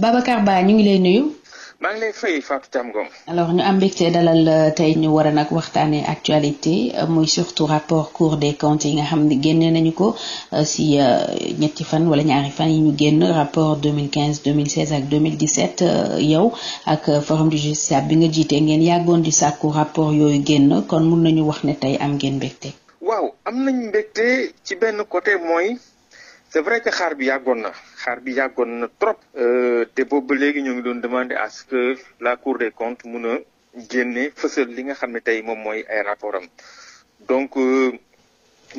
Babacar Ba ñu ngi lay nuyu. maa ngi lay fay Fatou Thiam Ngom. alors ñu am mbégte dalal euh, tey ñu war a nag waxtaanee actualité euh, muy surtout rapport cour des comptes yi nga xam ni génnee nañu ko euh, si ñetti fan wala ñaari fan yi ñu génn rapport 2015 2016 ak 2017 yow ak forum du justiciable bi nga jiitee ngeen yàggoon di sàkku rapport yooyu génn kon mun nañu wax ne tey am ngeen mbégte. waaw am nañ mbégte ci benn côté mooy. c' est vrai que xaar bi yàggoon na xaar bi yàggoon na trop. Euh, te boobu ba léegi ñoo ngi doon demander à ce que la cour des comptes mun a génne fësal li nga xam ne tey moom mooy ay rapport am donc euh,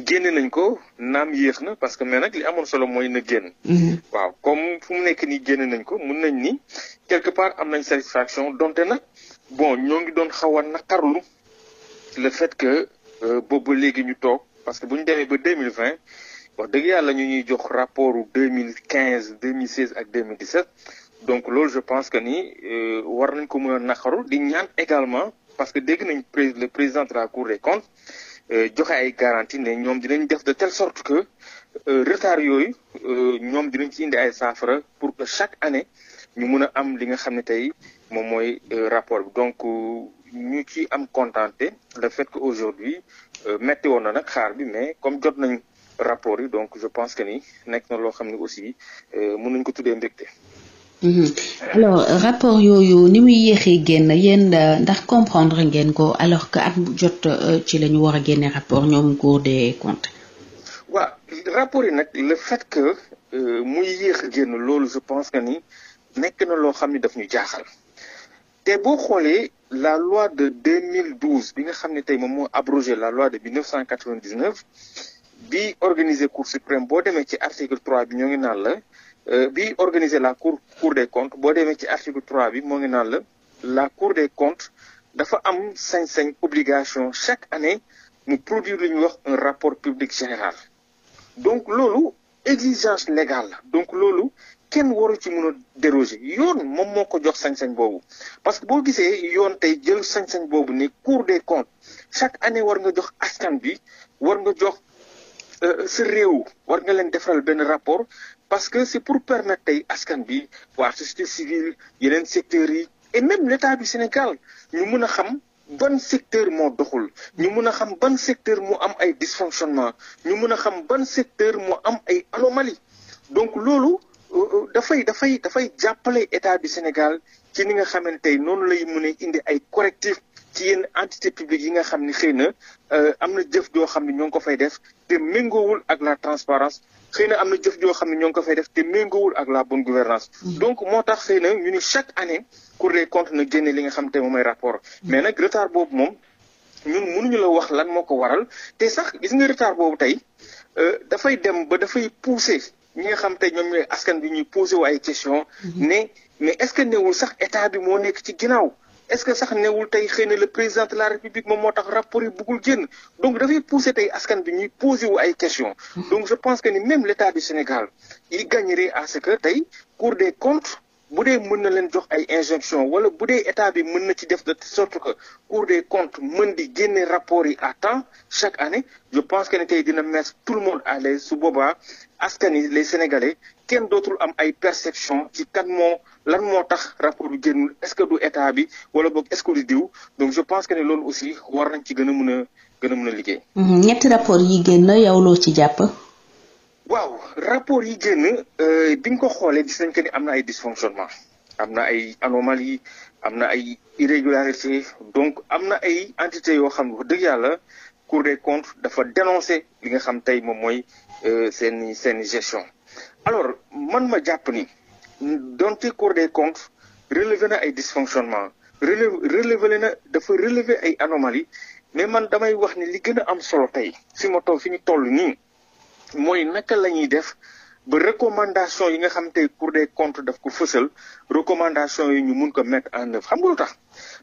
génne nañ ko naam yéex na parce que mais nag li amoon solo mooy na génn. Mm-hmm. waaw comme fu mu nekk nii génne nañ ko mun nañ ni quelque part am nañ satisfaction donte nag bon ñoo ngi doon xaw a naqarlu le fait que euh, boobu léegi ñu toog parce que bu ñu demee ba deux mille vingt wax dëgg yàlla ñu ñuy jox rapport u deux mille quinze deux mille seize ak deux mille dix sept donc loolu je pense que ni euh, war nañ ko mën a naqaru di ñaan également parce que dégg nañ pré président de la cour des comptes euh, joxe ay garantie ne ñoom dinañu def de telle sorte que euh, retard yooyu ñoom dinañ ci indi ay saafara pour que chaque année ñu mun a am li nga xam ne tey moom mooy rapport bi donc ñu ci am contenté le fait que aujourd'hui metti woon na nag xaar bi mais comme jot nañ rapport yi donc je pense que ni nekk na loo xam ne aussi euh, mën nañ ko tuddee mbégte. Mhm. alors rapport yooyu ni muy yéexee génn yéen euh, ndax comprendre ngeen ko alors que at jot euh, ci la ñu war a génne rapport ñoom Cour des comptes. waaw rapport yi nag le fait que muy yéex génn loolu je pense que ni nekk na loo xam ne daf ñu jaaxal te boo xoolee la loi de 2012 bi nga xam ne tey moom moo abrogé la loi de 1999. bi organiser cour suprême boo demee ci article trois bi ñoo ngi naan la euh, bi organiser la cour cour des boo demee ci article 3 bi moo ngi naan la la cour des comptes dafa am sañ-sañ obligation chaque année mu produire lu ñuy wax un rapport public général donc loolu exigence légale la donc loolu kenn waru ci mën a déroger yoon moom moo ko jox sañ-sañ boobu parce que boo gisee yoon tey jël sañ-sañ boobu ni cour des comptes chaque année war nga jox askan bi war nga jox Euh, sa réew war nga leen defaral benn rapport parce que c'est pour permettre tey askan bi waa société civile yeneen secteurs yi et même l'État bi Sénégal ñu mën a xam ban secteur moo doxul ñu mun a xam ban secteur mu am ay dysfonctionnement ñu mën a xam ban secteur moo am ay anomalie donc loolu euh, euh, dafay dafay dafay jàppale état du Sénégal ci ni nga xamante tey noonu lay mën indi ay correctif ci yenn entité publique yi nga xam ni xëy na euh, am na jëf joo xam ne ñoo ngi ko fay def te méngoowul ak la transparence xëy am na jëf joo xam ne ñoo ngi ko fay def te méngoowul ak la bonne gouvernance mm-hmm. donc moo tax xëy na ñu ni chaque année Cour des comptes na génne li nga xam te moom mooy rapport mm-hmm. mais nag retard boobu moom ñun mënuñu la wax lan moo ko waral te sax gis nga retard boobu tey euh, dafay dem ba dafay pousser ñi nga xam tey ñoom ñooy askan bi ñu posé wu ay question mm-hmm. ne mais est-ce que newul sax état bi moo nekk ci ginnaaw est-ce que sax newul tey xëy na le président de la république moom moo tax rapport yi bëggul génn donc dafay pousser tey askan bi ñuy poser ay question hmm. donc je pense que ni même l' état du Sénégal il gagnerait à ce que tey Cour des comptes. bu dee mën na leen jox ay injonction wala bu dee état bi mën na ci def de sorte que Cour des comptes mën di génne rapport yi à temps chaque année je pense que ne tey dina mettre tout le monde à su boobaa askan yi les sénégalais kenn dootul am ay perception ci kan moo lan moo tax rapport bi génnul est-ce que du état bi wala boog est-ce que du diw donc je pense que ne loolu aussi war nañ ci gën a mën a gën a mun a liggéey. Mm-hmm. ñetti rapport yi génn yow loo ci jàpp. waaw rapport yi génn euh, bi ñu ko xoolee gis nañ que ni am na ay dysfonctionnement am na ay anomalie am na ay irrégularité donc am na ay entité yoo xam ne wax dëgg yàlla Cour des comptes dafa dénoncé li nga xam tey moom mooy euh, seen seen gestion alors man ma jàpp ni donte Cour des comptes relevé na ay dysfonctionnement relevé relevé na dafa relevé ay anomalie mais man damay wax ni li gën a am solo tey fi ma toll fi ñu toll nii mooy naka la ñuy def ba recommandation yi nga xam te Cour des comptes daf ko fësal recommandation yi ñu mun ko mettre en œuvre xam nga lu tax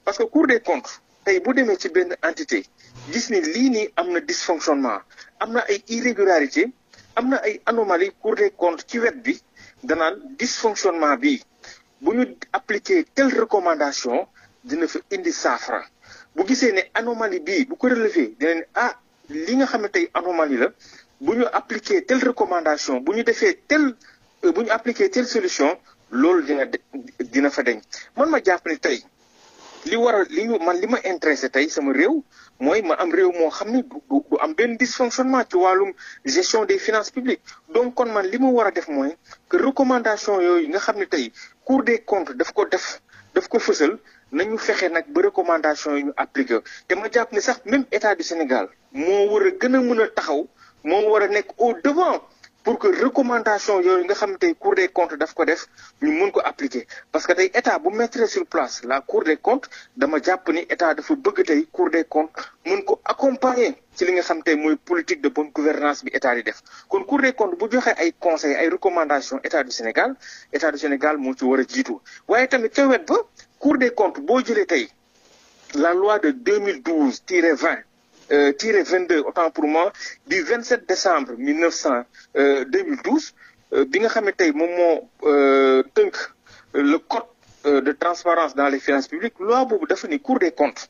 parce que Cour des comptes tey bu demee ci benn entité gis ni lii nii am na dysfonctionnement am na ay irrégularité am na ay anomalie Cour des comptes ci wet bi danaan dysfonctionnement bi bu ñu appliquer telle recommandation dina fa indi saafara bu gisee ne anomalie bi bu ko relevé dina ah li nga xam ne tey anomalie la bu ñu appliquer telle recommandation bu ñu defee telle euh, bu ñu appliquer telle solution loolu dina dina fa deñ man ma jàpp ne tey li waral li ñu man li ma intéressé tey sama réew mooy ma am réew moo xam ne du du am benn dysfonctionnement ci wàllum gestion des finances publiques donc kon man li ma war a def mooy que recommandation yooyu nga xam ne tey Cour des comptes daf ko def daf ko fësal nañu fexe nag ba recommandation yi ñu appliqué te ma jàpp ne sax même état du Sénégal moo war a gën a mën a taxaw moom war a nekk au devant pour que recommandation yooyu nga xam tey cour des comptes daf ko def ñu mun ko appliquer parce que tey état bu mettre sur place la cour des comptes dama jàpp ni état dafa bëgg tey cour des comptes mun ko accompagner ci li nga xam tey mooy politique de bonne gouvernance bi état di def kon cour des comptes bu joxee ay conseils ay recommandations état du Sénégal état du Sénégal moo ci war jiitu waaye tamit ca wet ba cour des comptes boo jëlee tey la loi de 2012 tiret 20 euh, tiré 22 autant pour moi du 27 décembre 1900 euh, 2012 euh, bi nga xam ne tey moom moo euh, tënk euh, le code de transparence dans les finances publiques loi boobu dafa ni Cour des comptes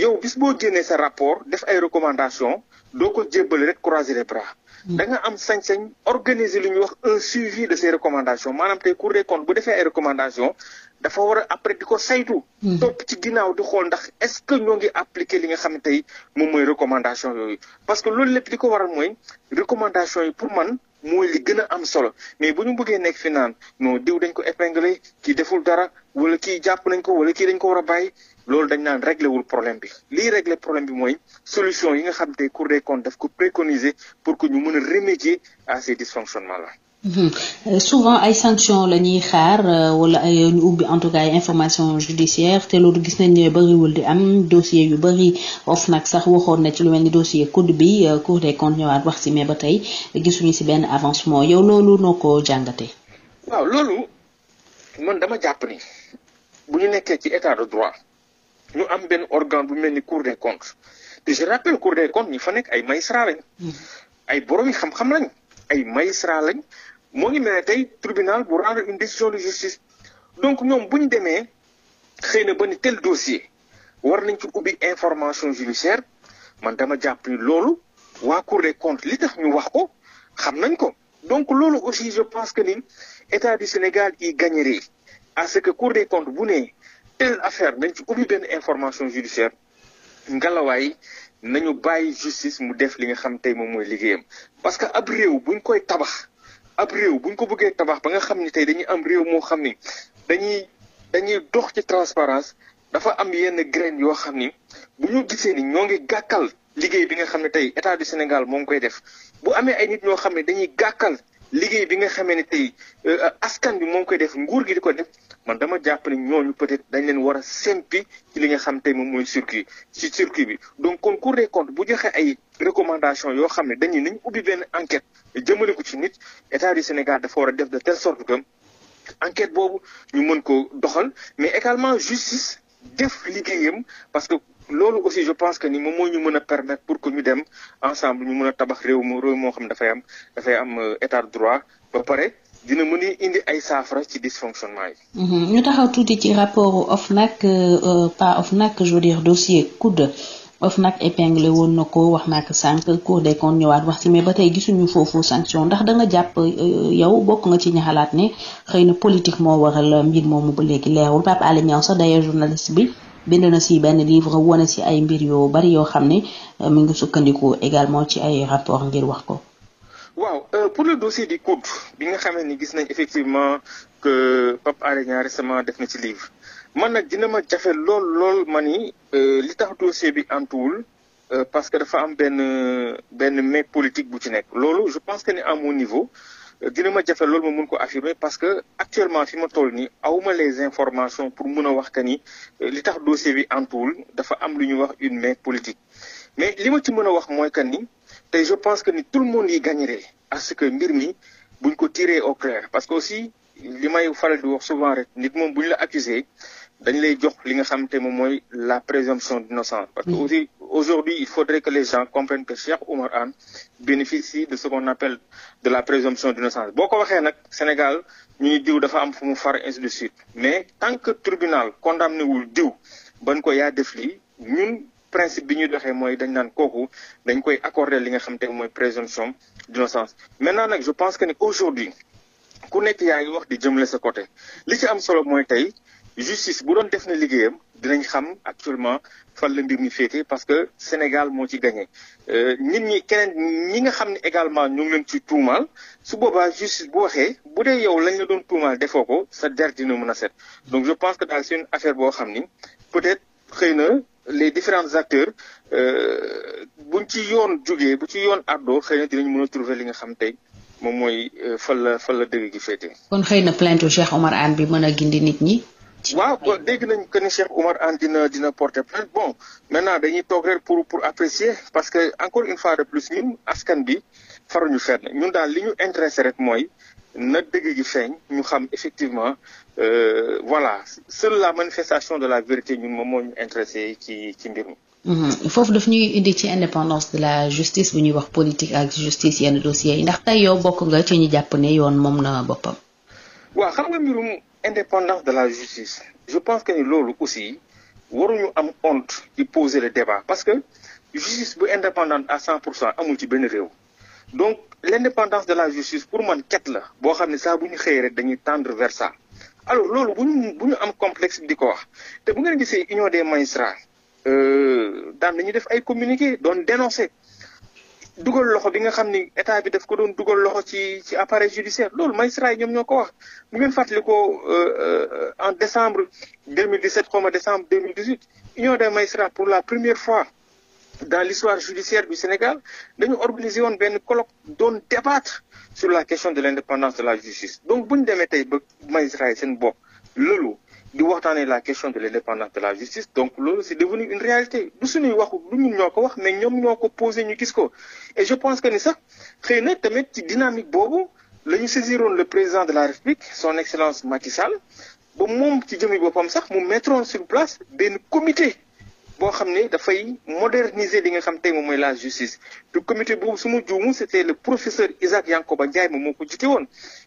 yow bis boo génnee sa rapport def ay recommandations doo ko jébbale rek croiser les bras. Mm. da nga am sañ-sañ organiser lu ñuy wax un suivi de ces recommandations maanaam tey Cour des comptes bu defee ay recommandations dafa war a après di ko saytu. Mm. topp ci ginnaaw di xool ndax est-ce que ñoo ngi appliquer li nga xam ne tey moom mooy recommandation yooyu. parce que loolu lépp li ko waral mooy recommandations yi pour man. mooy li gën a am solo mais bu ñu bëggee nekk fi naan non diw dañ ko épinglé ki deful dara wala kii jàpp nañ ko wala kii dañ ko war a bàyyi loolu dañ naan réglé wul problème bi lii réglé problème bi mooy solution yi nga xam te Cour des comptes daf ko préconiser pour que ñu mën a remédier à ces dysfonctionnements la Mhm. Euh, souvent ay sanctions la ñuy xaar euh, wala ay ubbi en tout cas information judiciaire te loolu gis nañ ne bëriwul di am dossier yu bëri of nag sax waxoon na ci lu mel ni dossier code bi euh, cour des comptes wax si mais ba tey gisuñu si benn avancement yow loolu noo ko jàngate waaw loolu man dama jàpp ni bu ñu nekkee ci état de droit ñu am benn organe bu mel ni cour des comptes te je rappelle cour des comptes ñi fa nekk ay magistrat mhm. lañ. ay borom yi xam-xam ay magistrat lañ. moo ngi mel ne tey tribunal bu rendre une décision de justice donc ñoom bu ñu demee xëy na ba ni tel dossier war nañ ci ubbi information judiciaire man dama jàpp ni loolu waa Cour des comptes li tax ñu wax ko xam nañ ko donc loolu aussi je pense que ni état du Sénégal y gagnerait à ce que Cour des comptes bu ne telle affaire nañ ci ubbi benn information judiciaire ngalawaay nañu bàyyi justice mu def li nga xam tey moom mooy liggéeyam parce que ab réew buñ koy tabax ab réew bu ñu ko bëggee tabax ba nga xam ni tey dañuy am réew moo xam ni dañuy dañuy dox ci transparence dafa am yenn graine yoo xam ni bu ñu gisee ni ñoo ngi gàkkal liggéey bi nga xam ne tey état du Sénégal moo ngi koy def bu amee ay nit ñoo xam ne dañuy gàkkal liggéey bi nga xamee ne tey euh, askan bi moo ngi koy def nguur gi di ko def man dama jàpp ne ñooñu peut-être dañ leen war a sempi ci li nga xam tey moom mooy circuit ci circuit bi donc kon Cour des bu joxe ay recommandation yoo xam ne dañuy nañ ubbi benn enquête jëmale ko ci nit état du Sénégal a def de telle sorte que enquête boobu ñu mën ko doxal mais également justice def liggéeyam parce que loolu aussi je pense que ni moom moo ñu mën a permettre pour que ñu dem ensemble ñu mën a tabax réew mu réew moo xam ne dafay am dafay am euh, état de droit ba pare dina mën a indi ay saafara ci dysfonctionnement yi. Mhm. ñu taxaw tuuti ci rapport OFNAC euh, euh, pas OFNAC je veux dire dossier COUD OFNAC épinglé woon na ko wax naa ko sànq Cour des comptes ñëwaat wax ci mais ba tey gisuñu foofu sanction ndax da jàpp euh, yow bokk nga ci ñi xalaat ne xëy na politique moo waral mbir mu ba léegi leerul Pape Alé Niang sax d'ailleurs journaliste bi. bind na si benn livre wane si ay mbir yoo bari yoo xam ne mu ngi sukkandiku également ci ay rapport ngir wax ko. waaw euh, pour le dossier du COUD bi nga xamee ni gis nañ effectivement que Pape Alé Niang récemment def na ci livre man nag dina ma jafe lool lool ma ni euh, li tax dossier bi antuwul euh, parce que dafa am benn benn mais politique bu ci nekk loolu je pense que ni à mon niveau dina ma jafe loolu ma mun ko affirmer parce que actuellement fi ma toll nii awma les informations pour mun a wax que ni li tax dossier bi antuwul dafa am lu ñuy wax une main politique mais li ma ci mën a wax mooy que ni te je pense que ni tout le monde yi gagnerait à ce que mbir mi buñ ko tiré au clair parce que aussi li may faral di wax souvent rek nit moom buñ la accusé dañ lay jox li nga xam te moom mooy la présomption d'innocence parce que mm. aussi aujourd'hui il faudrait que les gens comprennent que Cheikh Oumar Anne bénéficie de ce qu'on appelle de la présomption d'innocence boo ko waxee nag Sénégal ñu ni diw dafa am fu mu far ainsi mais tant que tribunal condamné wul diw ban ko yaa def principe bi ñuy doxee mooy dañ naan kooku dañ koy accorder li nga xam te mooy présomption d'innocence maintenant nag je pense que ne aujourd'hui ku nekk yaa ngi wax di jëmle sa côté li ci am solo mooy tey justice bu doon def na liggéeyam dinañ xam actuellement fan la mbir mi féete parce que Sénégal moo ci gagné euh, nit ñi keneen ñi nga xam ne également ñu ngi leen ci tuumaal su boobaa justice bu waxee bu dee yow lañ la doon tuumaal defoo ko sa der dina mën a set donc je pense que daal c'est affaire boo xam ni peut-être xëy na les différents acteurs euh, buñ ci yoon jógee bu ci yoon àddoo xëy na dinañ mën a trouver li nga xam tey moom mooy euh, fan la fan la dëgg gi féete. kon xëy na plainte Cheikh Omar bi mën a gindi nit ñi. waaw dégg nañ que ni Cheikh Omar dina dina porter plainte bon maintenant dañuy toog rek pour pour apprécier parce que encore une fois de plus ñun askan bi faruñu fenn ñun daal li ñu intéressé rek mooy na dëgg gi feeñ ñu xam effectivement euh, voilà seule la manifestation de la vérité ñun moom moo ñu intéressé ci ci mbir mi. Mhm. foofu daf ñuy indi ci indépendance de la justice bu ñuy wax politique ak justice yenn dossiers yi ndax tey yow bokk nga ci ñu jàpp ne yoon moom na boppam. waaw xam nga mbirum indépendance de la justice je pense que ni loolu aussi waruñu am honte di poser le débat parce que justice bu indépendante à cent pour cent amul ci benn réew. donc l'indépendance de la justice pour man ket la boo xam ne saa bu ñu xëyee rek dañuy tendre vers ça alors loolu bu ñu bu ñu am complexe di ko wax te bu ngeen gisee union des magistrats euh, daan dañuy def ay communiqué doon dénoncer dugal loxo bi nga xam ni état bi daf ko doon dugal loxo ci ci appareil judiciaire loolu magistrat yi ñoom ñoo ko wax bu ngeen fàttali ko euh, euh, en décembre 2017 xaw ma décembre 2018 union de magistrats pour la première fois dans l'histoire judiciaire du Sénégal dañu organiser woon benn colloque doon débattre sur la question de l'indépendance de la justice donc bu ñu demee tey ba magistrat yi loolu di waxtaanee la question de l'indépendance de la justice donc loolu c'est devenu une réalité du suñuy waxu du ñun ñoo ko wax mais ñoom ñoo ko posé ñu gis ko et je pense que ni sax xëy na tamit ci dynamique boobu la ñu saisiroon le président de la République son excellence Macky moom ci jëmi boppam sax mu mettroon sur place benn comité boo xam ne dafay moderniser li nga xam tey moom mooy la justice te comité boobu su ma juumu c'était le professeur Isaac Yankoba Ndiaye moom moo ko jite woon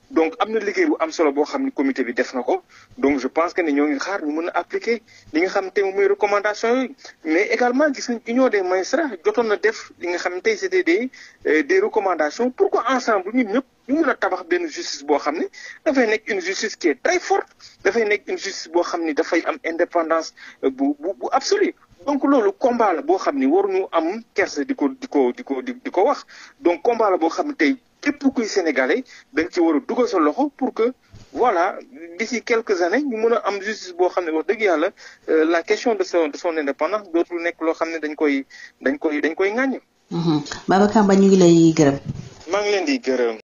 donc am na liggéey bu am solo boo xam ne comité bi def na ko donc je pense que ne ñoo ngi xaar ñu mën a appliquer li nga xam tey moom mooy recommandation yooyu mais également gis nañ union des magistrats jotoon na def li nga xam tey c'était des euh, des recommandations pour que ensemble ñun ñëpp ñu mun a tabax benn justice boo xam ne dafay nekk une justice qui est très forte dafay nekk une justice boo xam ni dafay am indépendance euh, bu bu bu absolue donc loolu combat boo xam ni waruñu am kerse di ko di ko di ko di ko wax donc combat boo xam ne tey képp kuy sénégalais da nga ci war a dugal sa loxo pour que voilà d'ici quelques années ñu mën a am justice boo xam ne wax dëgg yàlla euh, la question de son de son indépendance dootul nekk loo xam ne dañ koy dañ koy dañ koy ŋàññ. Mhm.